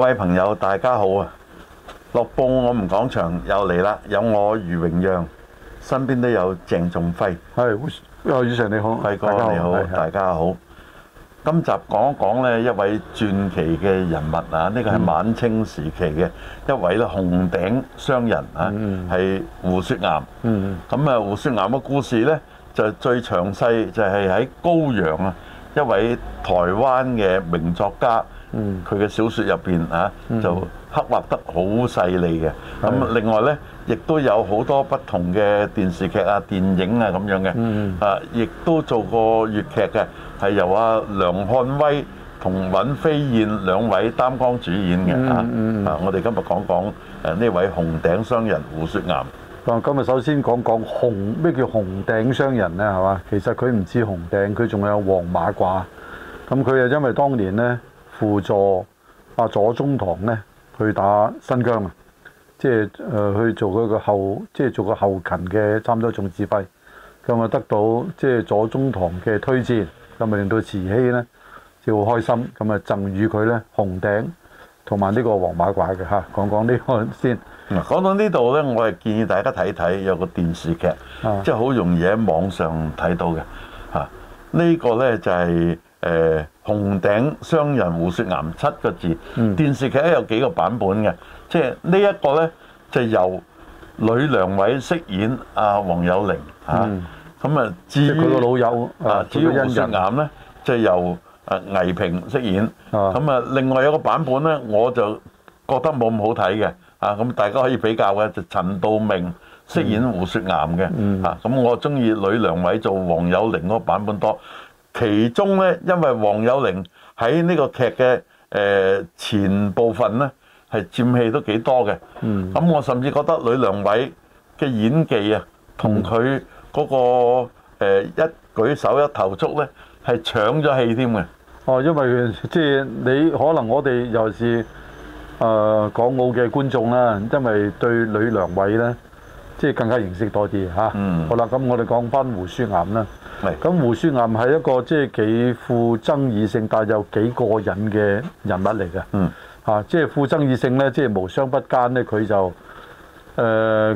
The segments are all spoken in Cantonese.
各位朋友，大家好啊！樂報我們講場又嚟啦，有我余榮讓，身邊都有鄭仲輝。係，啊，宇成你好，輝哥你好，大家好。今集講一講呢一位傳奇嘅人物啊，呢個係晚清時期嘅一位啦，紅頂商人啊，係、嗯、胡雪岩。咁啊、嗯，胡雪岩嘅故事呢，就最詳細，就係喺高陽啊，一位台灣嘅名作家。佢嘅、嗯、小説入邊啊，嗯、就刻畫得好細膩嘅。咁的另外呢，亦都有好多不同嘅電視劇啊、電影啊咁樣嘅。嗯、啊，亦都做過粵劇嘅，係由啊梁漢威同尹飛燕兩位擔綱主演嘅啊。嗯嗯、啊，我哋今日講講誒呢位紅頂商人胡雪巖。嗱，今日首先講講紅咩叫紅頂商人呢？係嘛，其實佢唔止紅頂，佢仲有黃馬褂。咁佢又因為當年呢。輔助阿左宗棠咧去打新疆嘛，即係誒去做佢個後，即係做個後勤嘅參多總指揮，咁啊得到即係左宗棠嘅推薦，咁啊令到慈禧咧就好開心，咁啊贈與佢咧紅頂同埋呢個黃馬褂嘅嚇，講講呢個先。講到呢度咧，我係建議大家睇睇有個電視劇，啊、即係好容易喺網上睇到嘅嚇。啊這個、呢個咧就係、是。誒紅頂商人胡雪岩七個字，電視劇咧有幾個版本嘅。即係呢一個呢，就由呂良偉飾演阿黃有靈嚇，咁啊至於佢個老友，至於胡雪岩呢，就由誒倪萍飾演，咁啊另外一個版本呢，我就覺得冇咁好睇嘅，啊咁大家可以比較嘅就陳道明飾演胡雪岩嘅，啊咁我中意呂良偉做黃有靈嗰個版本多。其中呢，因為王有齡喺呢個劇嘅誒、呃、前部分呢，係佔戲都幾多嘅。嗯，咁我甚至覺得呂良偉嘅演技啊，同佢嗰個、呃、一舉手一投足呢，係搶咗戲添嘅。哦，因為即係你可能我哋尤其是誒、呃、港澳嘅觀眾啦，因為對呂良偉呢。即係更加認識多啲嚇，嗯、好啦，咁我哋講返胡雪岩啦。咁是胡雪岩係一個即係、就是、幾富爭議性，但係又幾過癮嘅人物嚟嘅。嚇、嗯，即係富爭議性咧，即、就、係、是、無商不奸咧。佢就誒，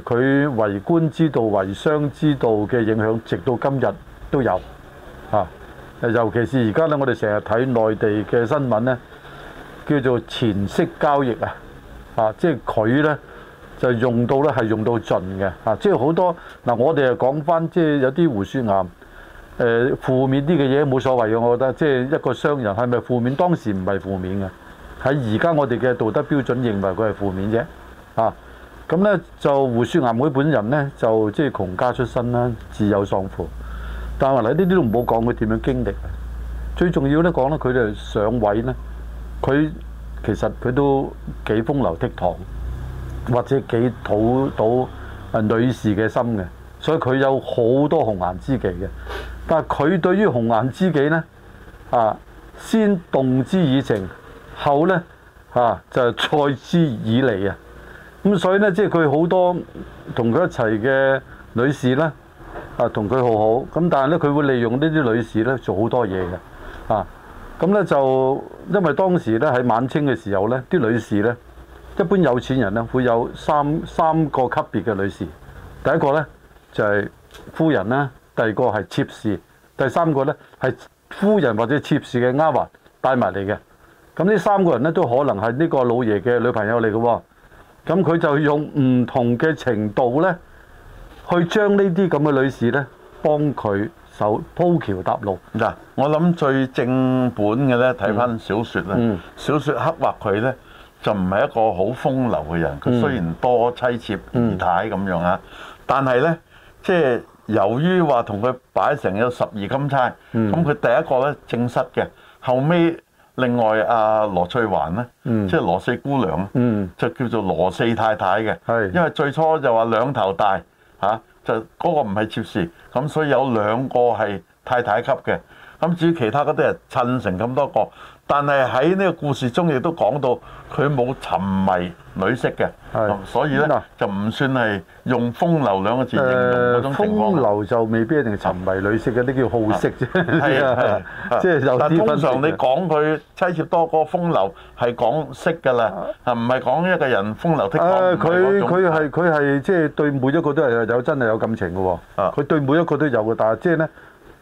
佢、呃、為官之道、為商之道嘅影響，直到今日都有嚇、啊。尤其是而家咧，我哋成日睇內地嘅新聞咧，叫做權色交易啊，啊，即係佢咧。就用到咧，係用到盡嘅啊！即係好多嗱、啊，我哋又講翻，即係有啲胡雪巖誒、呃、負面啲嘅嘢冇所謂嘅，我覺得即係一個商人係咪負面？當時唔係負面嘅，喺而家我哋嘅道德標準認為佢係負面啫啊！咁咧就胡雪巖佢本人咧就即係窮家出身啦，自幼喪父，但係嚟呢啲都唔好講佢點樣經歷。最重要咧講咧佢哋上位咧，佢其實佢都幾風流倜儻。或者幾討到啊女士嘅心嘅，所以佢有好多紅顏知己嘅。但係佢對於紅顏知己呢，啊先動之以情，後呢啊就賽之以利啊。咁所以呢，即係佢好多同佢一齊嘅女士呢，啊同佢好好。咁但係呢，佢會利用呢啲女士呢做好多嘢嘅。啊咁呢，就因為當時呢，喺晚清嘅時候呢，啲女士呢。一般有錢人咧，會有三三個級別嘅女士。第一個呢，就係、是、夫人啦，第二個係妾侍，第三個呢，係夫人或者妾侍嘅丫鬟帶埋嚟嘅。咁呢三個人咧都可能係呢個老爺嘅女朋友嚟嘅喎。咁佢就用唔同嘅程度呢，去將呢啲咁嘅女士呢，幫佢手鋪橋搭路。嗱、嗯，我諗最正本嘅呢，睇翻小説啦，小説刻畫佢呢。嗯嗯就唔係一個好風流嘅人，佢、嗯、雖然多妻妾二太咁樣啊，嗯、但係呢，即、就、係、是、由於話同佢擺成有十二金釵，咁佢、嗯、第一個呢正室嘅，後尾另外阿、啊、羅翠環呢，嗯、即係羅四姑娘，嗯、就叫做羅四太太嘅，嗯、因為最初就話兩頭大嚇、啊，就嗰個唔係妾侍，咁所以有兩個係太太級嘅，咁至於其他嗰啲係襯成咁多個。但係喺呢個故事中，亦都講到佢冇沉迷女色嘅，所以咧就唔算係用風流兩個字形容。誒風流就未必一定沉迷女色嘅，啲叫好色啫。係啊，即係有，但係通常你講佢妻妾多過風流，係講識㗎啦，唔係講一個人風流倜儻。佢佢係佢係即係對每一個都係有真係有感情嘅喎。啊，佢對每一個都有嘅，但係即係咧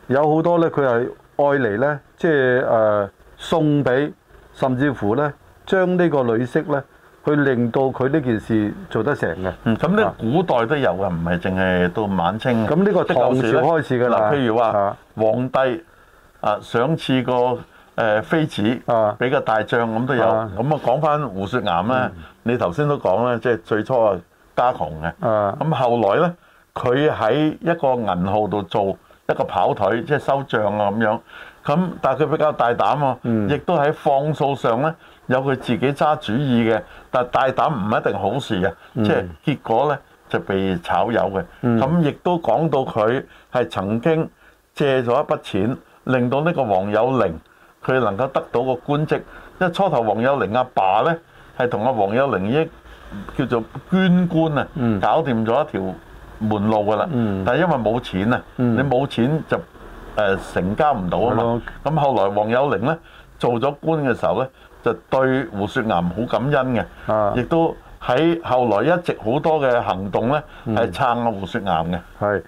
有好多咧，佢係愛嚟咧，即係誒。送俾，甚至乎呢，將呢個女色呢去令到佢呢件事做得成嘅。咁呢古代都有嘅，唔係淨係到晚清。咁呢個唐朝開始㗎啦。嗱，譬如話皇帝啊，賞賜個誒妃子，俾個大將咁都有。咁啊，講翻胡雪巖呢，嗯、你頭先都講啦，即係最初啊家窮嘅。咁後來呢，佢喺一個銀號度做一個跑腿，即係收帳啊咁樣。咁但係佢比較大膽喎、啊，亦、嗯、都喺放數上咧有佢自己揸主意嘅。但係大膽唔一定好事嘅、啊，嗯、即係結果咧就被炒魷嘅。咁亦、嗯、都講到佢係曾經借咗一筆錢，令到呢個王有齡佢能夠得到個官職。因為初頭王有齡阿爸咧係同阿王有齡益叫做捐官啊，嗯、搞掂咗一條門路㗎喇。嗯、但係因為冇錢啊，你冇錢就。嗯誒成交唔到啊嘛！咁後來王有齡咧做咗官嘅時候咧，就對胡雪岩好感恩嘅，亦都喺後來一直好多嘅行動咧係撐阿胡雪岩嘅。係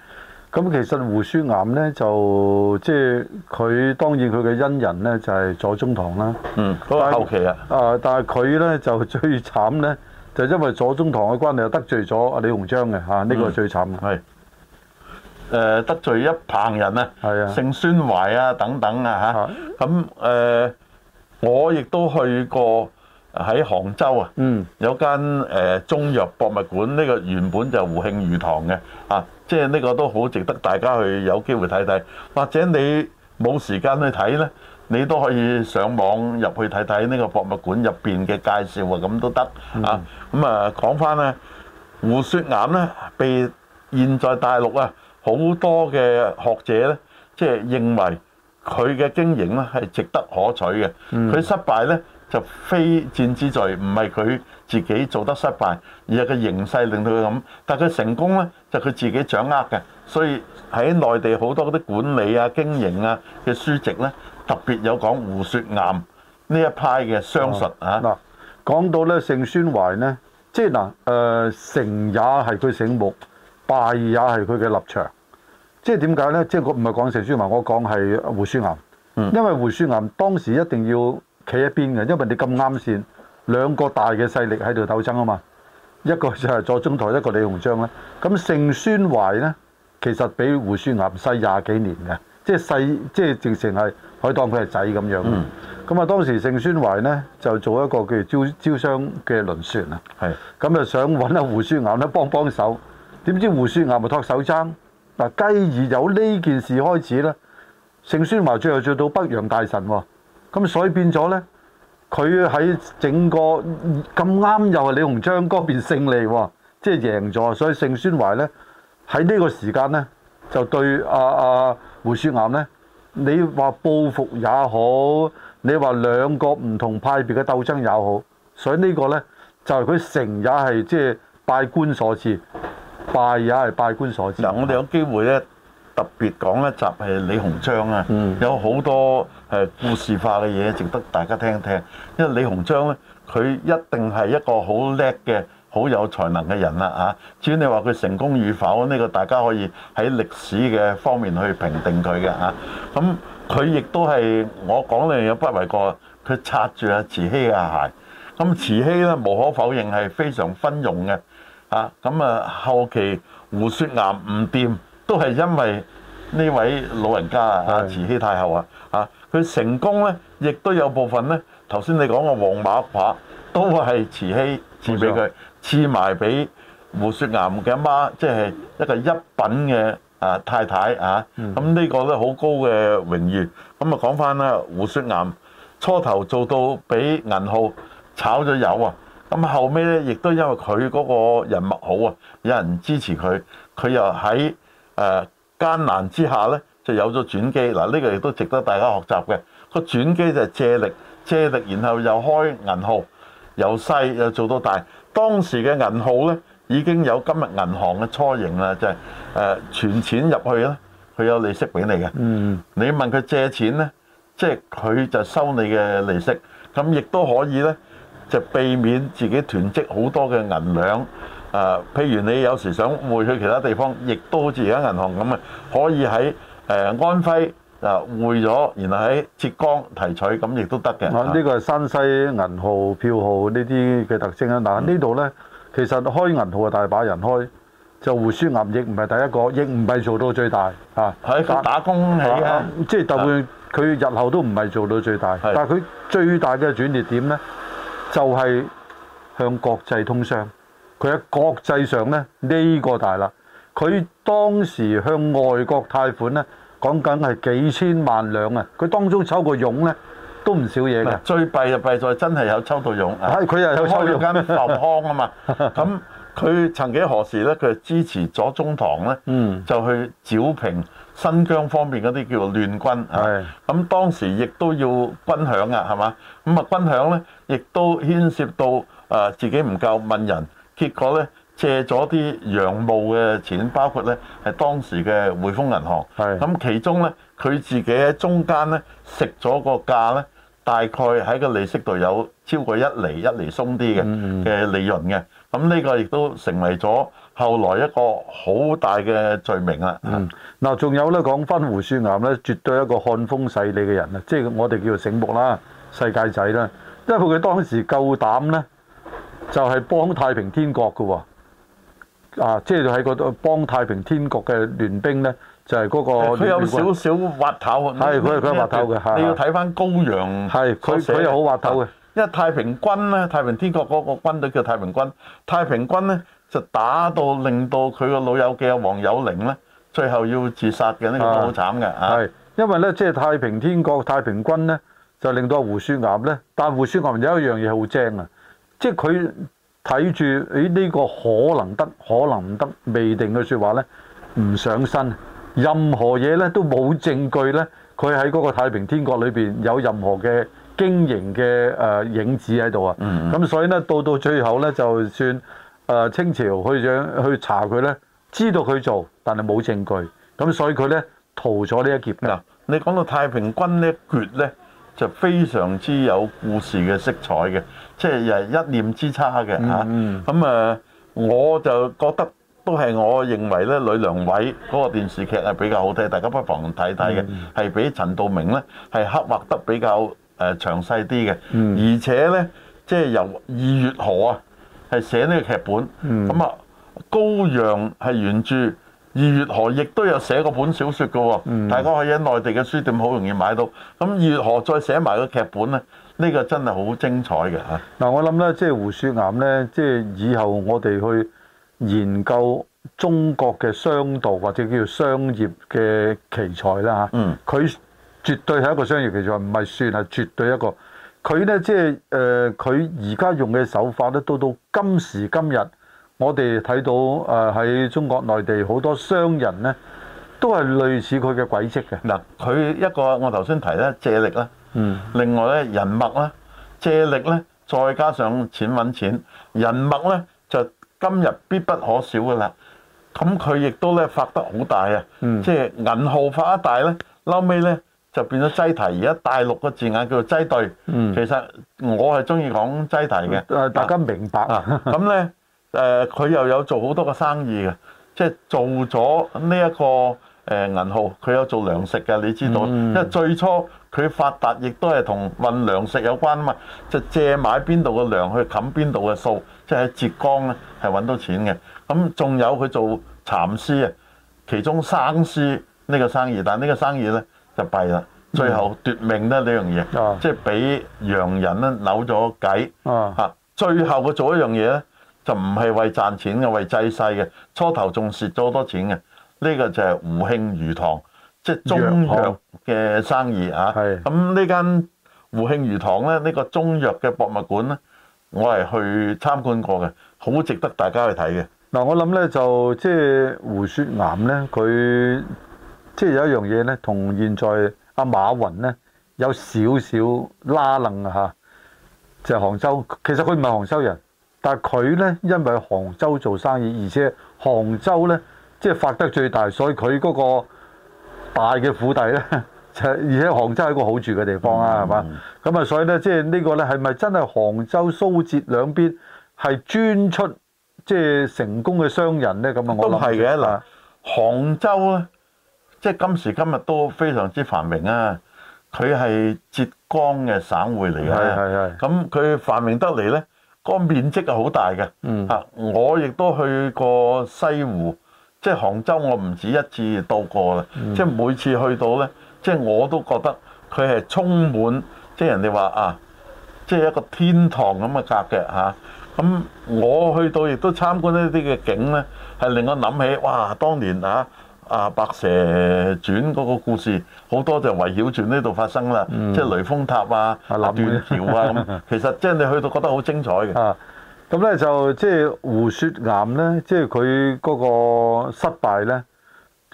咁，其實胡雪岩咧就即係佢當然佢嘅恩人咧就係左宗棠啦。嗯，嗰個後期啊。啊，但係佢咧就最慘咧，就因為左宗棠嘅關係又得罪咗阿李鴻章嘅嚇，呢個係最慘。係。誒得罪一棚人啊，姓孫的懷啊等等啊嚇，咁誒的、啊、我亦都去過喺杭州啊，嗯、有間誒中藥博物館，呢、呢個原本就胡慶餘堂嘅啊，即係呢個都好值得大家去有機會睇睇，或者你冇時間去睇呢，你都可以上網入去睇睇呢個博物館入邊嘅介紹啊，咁都得啊，咁、嗯、啊講返呢胡雪巖呢被現在大陸啊～好多嘅學者咧，即係認為佢嘅經營咧係值得可取嘅。佢、嗯、失敗咧就非戰之罪，唔係佢自己做得失敗，而係個形勢令到佢咁。但佢成功咧就佢、是、自己掌握嘅。所以喺內地好多嗰啲管理啊、經營啊嘅書籍咧，特別有講胡雪巖呢一派嘅商術啊。嗯、講到咧盛宣懷咧，即係嗱誒成也係佢醒目。弊也係佢嘅立場，即係點解咧？即係我唔係講盛宣懷，我講係胡雪岩。因為胡雪岩當時一定要企一邊嘅，因為你咁啱先，兩個大嘅勢力喺度鬥爭啊嘛。一個就係左宗棠，一個李鴻章咧。咁盛宣懷咧，其實比胡雪岩細廿幾年嘅，即係細，即係直情係可以當佢係仔咁樣。咁啊，當時盛宣懷咧就做一個叫做招招商嘅輪船啊。係咁啊，想揾阿胡雪岩咧幫幫手。點知胡雪岩咪託手踭嗱？繼而由呢件事開始咧，盛宣懷最後做到北洋大臣喎。咁所以變咗咧，佢喺整個咁啱又係李鴻章嗰邊勝利喎，即係贏咗。所以盛宣懷咧喺呢個時間咧就對阿阿胡雪岩咧，你話報復也好，你話兩個唔同派別嘅鬥爭也好，所以呢個咧就係佢成也係即係拜官所賜。拜也係拜官所知。嗱，我哋有機會咧，特別講一集係李鴻章啊，嗯、有好多誒故事化嘅嘢值得大家聽一聽。因為李鴻章咧，佢一定係一個好叻嘅、好有才能嘅人啦嚇、啊。至於你話佢成功與否呢？呢個，大家可以喺歷史嘅方面去評定佢嘅嚇。咁佢亦都係我講嘅嘢，不為過。佢擦住阿慈禧嘅鞋。咁、啊、慈禧咧，無可否認係非常昏庸嘅。啊，咁啊，後期胡雪岩唔掂，都係因為呢位老人家啊，的慈禧太后啊，啊，佢成功咧，亦都有部分咧，頭先你講個黃馬牌都係慈禧賜俾佢，賜埋俾胡雪岩嘅阿媽，即係一個一品嘅啊太太啊，咁呢個咧，好高嘅榮譽。咁啊，講翻啦，胡雪岩初頭做到俾銀號炒咗油啊！咁後尾咧，亦都因為佢嗰個人脈好啊，有人支持佢，佢又喺誒艱難之下咧，就有咗轉機。嗱，呢個亦都值得大家學習嘅。個轉機就係借力，借力，然後又開銀號，由細又做到大。當時嘅銀號咧，已經有今日銀行嘅雛形啦，就係誒存錢入去咧，佢有利息俾你嘅。嗯，你問佢借錢咧，即係佢就收你嘅利息。咁亦都可以咧。就避免自己囤積好多嘅銀兩啊！譬如你有時想匯去其他地方，亦都好似而家銀行咁嘅，可以喺誒安徽嗱匯咗，然後喺浙江提取咁亦都得嘅。呢個係山西銀號、票號呢啲嘅特徵啦。嗱，呢度呢，其實開銀號啊，大把人開，就胡雪巖亦唔係第一個，亦唔係做到最大嚇。喺外、就是、打工嚇、啊，即係特別佢日後都唔係做到最大，但係佢最大嘅轉捩點呢。就係向國際通商，佢喺國際上咧呢、這個大啦。佢當時向外國貸款咧，講緊係幾千萬兩啊！佢當中抽個傭咧，都唔少嘢嘅。最弊就弊在真係有抽到傭。係佢又開咗間阜康啊嘛。咁佢 曾幾何時咧？佢支持左宗棠咧，嗯、就去剿平。新疆方面嗰啲叫亂軍，係咁的、啊、當時亦都要軍餉啊，係嘛？咁啊軍餉咧，亦都牽涉到誒、呃、自己唔夠問人，結果咧借咗啲洋務嘅錢，包括咧係當時嘅匯豐銀行。係咁的，其中咧佢自己喺中間咧食咗個價咧，大概喺個利息度有超過一厘一厘鬆啲嘅嘅利潤嘅。咁呢個亦都成為咗。後來一個好大嘅罪名啊、嗯。嗯，嗱，仲有咧，講翻胡雪岩咧，絕對一個看風使舵嘅人啊。即係我哋叫做醒目啦，世界仔啦。因為佢當時夠膽咧，就係、是、幫太平天國噶喎、啊。啊，即係喺度幫太平天國嘅聯兵咧，就係、是、嗰個。佢有少少滑頭。係，佢係佢滑頭嘅。你要睇翻高陽。係，佢佢又好滑頭嘅。因為太平軍咧，太平天國嗰個軍隊叫太平軍，太平軍咧。就打到令到佢個老友記阿王有齡咧，最後要自殺嘅呢個好慘嘅的啊！係，因為咧即係太平天國、太平軍咧，就令到胡雪岩咧，但胡雪岩有一樣嘢好正啊，即係佢睇住誒呢個可能得可能唔得未定嘅説話咧，唔上身，任何嘢咧都冇證據咧，佢喺嗰個太平天國裏邊有任何嘅經營嘅誒、呃、影子喺度啊！咁、嗯嗯、所以咧到到最後咧就算。誒清朝去去查佢咧，知道佢做，但係冇證據。咁所以佢咧逃咗呢一劫。嗱，你講到太平軍呢一橛咧，就非常之有故事嘅色彩嘅，即係又係一念之差嘅吓。咁、嗯、啊，我就覺得都係我認為咧，呂良偉嗰個電視劇係比較好睇，大家不妨睇睇嘅，係、嗯、比陳道明咧係刻畫得比較誒詳細啲嘅，嗯、而且咧即係由二月河啊。係寫呢個劇本，咁啊、嗯、高陽係原著，二月河亦都有寫過本小說噶，嗯、大家可以喺內地嘅書店好容易買到。咁二月河再寫埋個劇本咧，呢、這個真係好精彩嘅吓。嗱、嗯，我諗咧，即、就、係、是、胡雪岩咧，即、就、係、是、以後我哋去研究中國嘅商道或者叫商業嘅奇才啦吓，佢、嗯、絕對係一個商業奇才，唔係算係絕對一個。佢呢，即係佢而家用嘅手法呢，到到今時今日，我哋睇到誒喺、呃、中國內地好多商人呢，都係類似佢嘅軌跡嘅。嗱，佢一個我頭先提呢，借力啦，嗯，另外呢，人脈啦，借力呢，再加上錢揾錢，人脈呢，就今日必不可少㗎喇。咁佢亦都呢，發得好大啊！嗯、即係銀號發得大呢。後尾呢。就變咗擠提，而家大陸個字眼叫做擠兌。嗯、其實我係中意講擠提嘅。誒，大家明白啊？咁咧誒，佢、 呃、又有做好多個生意嘅，即、就、係、是、做咗呢一個誒銀號，佢有做糧食嘅，嗯、你知道。因為最初佢發達，亦都係同運糧食有關嘛，就借買邊度嘅糧去冚邊度嘅數，即係喺浙江咧係揾到錢嘅。咁仲有佢做蠶絲啊，其中生絲呢個生意，但係呢個生意咧。就弊啦，最後奪命咧呢、嗯、樣嘢，啊、即係俾洋人咧扭咗計嚇。啊、最後佢做一樣嘢咧，就唔係為賺錢嘅，為濟世嘅。初頭仲蝕咗好多錢嘅，呢、這個就係胡慶餘堂，即係中藥嘅生意啊。咁呢間胡慶餘堂咧，呢、這個中藥嘅博物館咧，我係去參觀過嘅，好值得大家去睇嘅。嗱、嗯，我諗咧就即係、就是、胡雪岩咧，佢。即係有一樣嘢咧，同現在阿馬雲咧有少少拉楞嚇，就係、是、杭州。其實佢唔係杭州人，但係佢咧因為杭州做生意，而且杭州咧即係發得最大，所以佢嗰個大嘅府邸咧，就 而且杭州係一個好住嘅地方是是是啊，係嘛？咁啊，所以咧，即係呢個咧係咪真係杭州蘇浙兩邊係專出即係成功嘅商人咧？咁啊，我都係嘅嗱，杭州咧。即係今時今日都非常之繁榮啊！佢係浙江嘅省會嚟嘅，咁佢繁榮得嚟呢個面積係好大嘅。嚇、嗯，我亦都去過西湖，即係杭州，我唔止一次到過啦。嗯、即係每次去到呢，即係我都覺得佢係充滿，即係人哋話啊，即係一個天堂咁嘅格嘅嚇。咁、啊、我去到亦都參觀呢啲嘅景呢，係令我諗起哇，當年啊！阿、啊、白蛇傳嗰個故事好多就圍繞住呢度發生啦，嗯、即係雷峰塔啊、斷橋啊咁。其實即係你去到覺得好精彩嘅。咁咧、啊、就即係、就是、胡雪巖咧，即係佢嗰個失敗咧，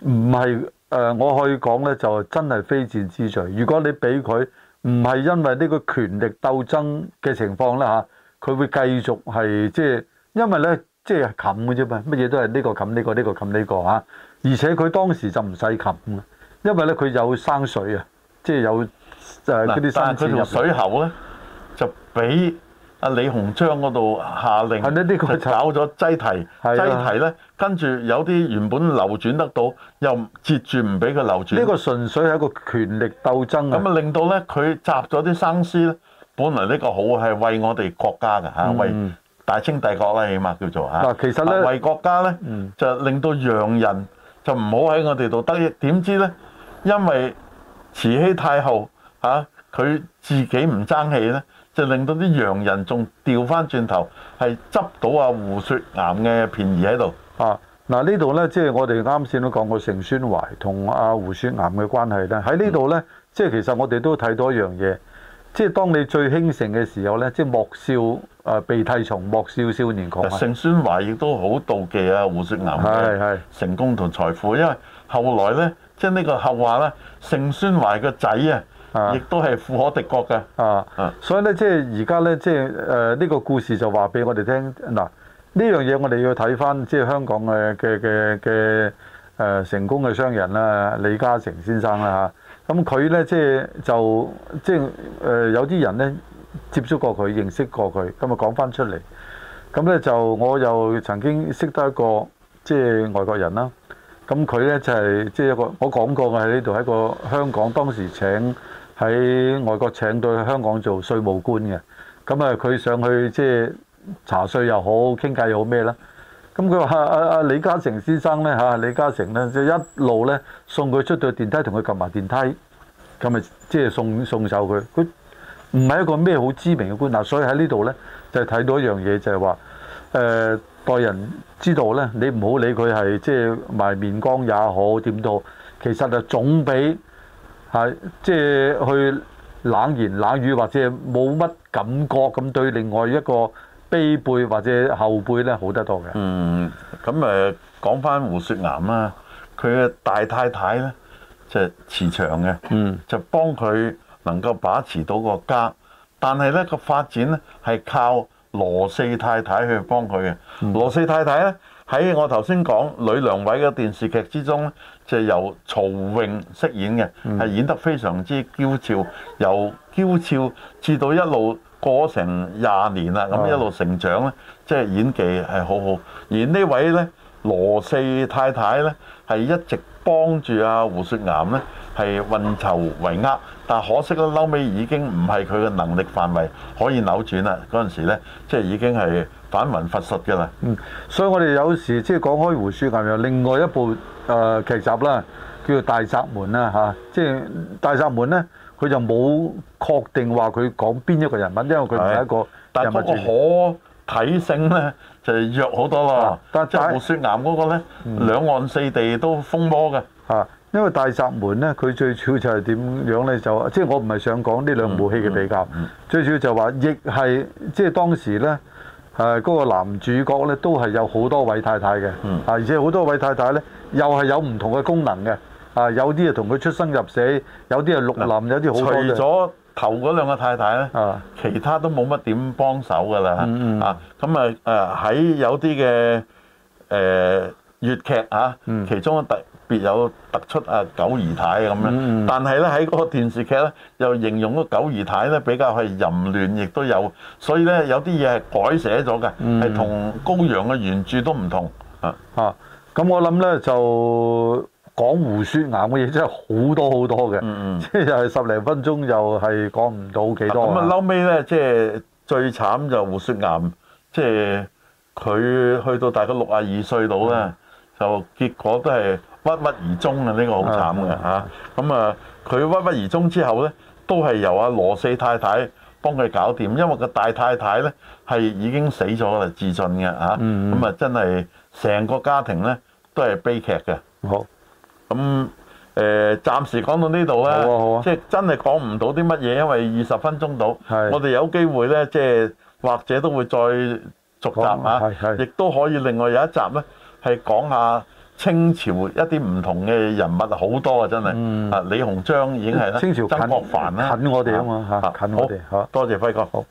唔係誒，我可以講咧就真係非戰之罪。如果你俾佢唔係因為呢個權力鬥爭嘅情況咧吓，佢會繼續係即係，因為咧即係冚嘅啫嘛，乜、就、嘢、是、都係呢、這個冚呢、這個呢、這個冚呢、這個吓。這個這個而且佢當時就唔使擒，因為咧佢有生水啊，即係有誒嗰啲生字水喉咧就俾阿李鴻章嗰度下令、嗯，係、這個就是、呢啲佢搞咗擠提，擠提咧跟住有啲原本流轉得到又截住唔俾佢流轉。呢個純粹係一個權力鬥爭啊、嗯！咁啊令到咧佢集咗啲生絲咧，本嚟呢個好係為我哋國家嘅嚇，為大清帝國啦起碼叫做嚇。嗱其實咧為國家咧就令到洋人。嗯嗯就唔好喺我哋度得益，點知呢？因為慈禧太后吓、啊，佢自己唔爭氣呢，就令到啲洋人仲掉翻轉頭，係執到阿、啊、胡雪巖嘅便宜喺度啊！嗱、啊，呢度呢，即、就、係、是、我哋啱先都講過，盛宣懷同阿胡雪巖嘅關係呢，喺呢度呢，即係、嗯、其實我哋都睇到一樣嘢。即係當你最興盛嘅時候呢，即係莫少誒被替從，莫少少年狂。盛宣懷亦都好妒忌啊胡雪岩係係成功同財富，因為後來呢，即係呢個後話呢，盛宣懷個仔啊，亦都係富可敵國嘅啊是是所以呢，即係而家呢，即係誒呢個故事就話俾我哋聽嗱，呢樣嘢我哋要睇返即係香港誒嘅嘅嘅成功嘅商人啦，李嘉誠先生啦吓。咁佢呢，即係就即係呃，有啲人呢，接觸過佢，認識過佢，咁啊講翻出嚟。咁呢，就我又曾經識得一個即係外國人啦。咁佢呢，就係即係一個我講過嘅喺呢度，喺個香港當時請喺外國請到去香港做稅務官嘅。咁啊，佢上去即係查稅又好，傾偈又好咩啦？咁佢話阿阿李嘉誠先生咧嚇，李嘉誠咧就一路咧送佢出到電梯，同佢撳埋電梯，咁咪即係送送走佢。佢唔係一個咩好知名嘅官嗱。所以喺呢度咧就睇到一樣嘢，就係話誒待人之道咧，你唔好理佢係即係賣面光也好點都好，其實就總比係即係去冷言冷語或者冇乜感覺咁對另外一個。背背或者後背咧好得多嘅。嗯，咁誒講翻胡雪岩啦，佢嘅大太太咧就是、慈祥嘅，嗯、就幫佢能夠把持到個家。但係咧個發展咧係靠羅四太太去幫佢嘅。嗯、羅四太太咧喺我頭先講《呂良偉》嘅電視劇之中咧，就是、由曹穎飾演嘅，係、嗯、演得非常之嬌俏，由嬌俏至到一路。過成廿年啦，咁、啊、一路成長咧，即、就、係、是、演技係好好。而位呢位咧，羅四太太咧，係一直幫住阿胡雪岩咧，係運籌帷幄。但可惜咧，嬲尾已經唔係佢嘅能力範圍可以扭轉啦。嗰陣時咧，即、就、係、是、已經係反魂乏術㗎啦。嗯，所以我哋有時即係講開胡雪岩，又另外一部誒、呃、劇集啦，叫做《大宅門》啦、啊、吓，即係《大宅門》咧。佢就冇確定話佢講邊一個人物，因為佢唔係一個人物。但嗰個可睇性咧就是、弱好多咯。但係是《胡雪巖》嗰個咧，兩岸四地都風魔嘅。啊，因為大《大宅門》咧，佢最主要就係點樣咧？就即係、就是、我唔係想講呢兩部戲嘅比較。嗯嗯、最主要就話，亦係即係當時咧，誒、那、嗰個男主角咧都係有好多位太太嘅。啊、嗯，而且好多位太太咧又係有唔同嘅功能嘅。啊！有啲就同佢出生入死，有啲啊綠林，有啲好。除咗頭嗰兩個太太咧，啊、其他都冇乜點幫手噶啦。啊，咁啊啊喺有啲嘅誒粵劇啊，其中特別有突出啊九姨太咁樣。嗯、但係咧喺嗰個電視劇咧，又形容咗九姨太咧比較係淫亂，亦都有。所以咧有啲嘢係改寫咗嘅，係同、嗯、高陽嘅原著都唔同。啊啊，咁我諗咧就～講胡雪巖嘅嘢真係好多好多嘅，即係十零分鐘又係講唔到幾多。咁啊，嬲尾咧，即係最慘就胡雪巖，即係佢去到大概六啊二歲度咧，就結果都係鬱鬱而終啊！呢個好慘嘅嚇。咁啊，佢鬱鬱而終之後咧，都係由阿羅四太太幫佢搞掂，因為個大太太咧係已經死咗啦，自盡嘅嚇。咁啊，真係成個家庭咧都係悲劇嘅。好。咁誒、呃，暫時講到呢度啦。好好啊。好啊。即係真係講唔到啲乜嘢，因為二十分鐘到。係是。我哋有機會咧，即係或者都會再續集啊。係係。亦都可以另外有一集咧，係講下清朝一啲唔同嘅人物好多啊！真係啊，嗯、李鴻章已經係啦，清朝曾國藩啦，近我哋啊嘛嚇，近我哋嚇。好啊、多謝輝哥。好。